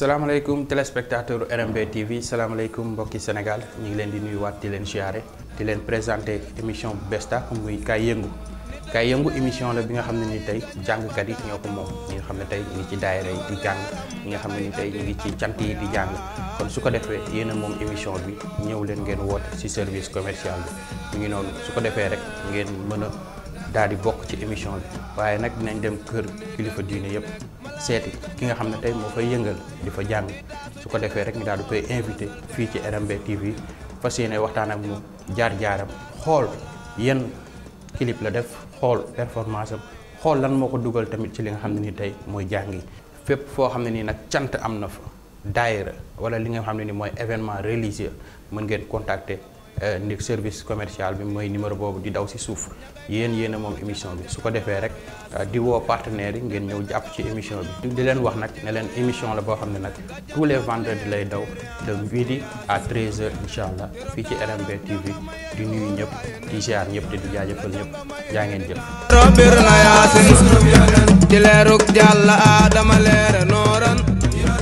salaamaaleykum téléspectateur RMB TV salaamaaleykum mbokki Sénégal ñu ngi leen di nuyuwaat di leen siyaare di leen présenté émission bu bees tàq muy Kaay Yëngu kay Yëngu émission la bi nga xam ne ni tey jàngkat yi ñoo ko moom ñi nga xam ne tey ñu ngi ci daayira yi di jàng nga xam ne ni tey ñu ci cant yi di jàng kon su ko defee yéen a moom émission bi ñëw leen ngeen woote ci service commercial bi mu ngi noonu su ko defee rek ngeen mën a. daal di bokk ci émission bi waaye nag dinañ dem kër kilifa diine yëpp seeti ki nga xam ne tey moo fay yëngal di fa jàng su ko defee rek ñu daal di koy invité fii ci RMB TV fas yéene waxtaan ak mu jaar-jaaram xool yan clip la def xool performance xool lan moo ko dugal tamit ci li nga xam ne ni tey mooy jàng yi fépp foo xam ne nii nag cant am na fa daayira wala li nga xam ne ni mooy événement religieux mën ngeen contacter. Euh, ndik service commercial bi mooy numéro boobu di daw si suuf yéen yéen a moom émission bi su ko defee rek euh, di woo partenaires yi ngeen ñëw jàpp ci émission bi di leen wax nag ne leen émission la boo xam ne nag tous les vendredis lay daw de midi à 13h incha allah fii ci RMB TV di nuyu ñëpp di ziar ñëpp te di jaajëfal ñëpp jaa ngeen jëf.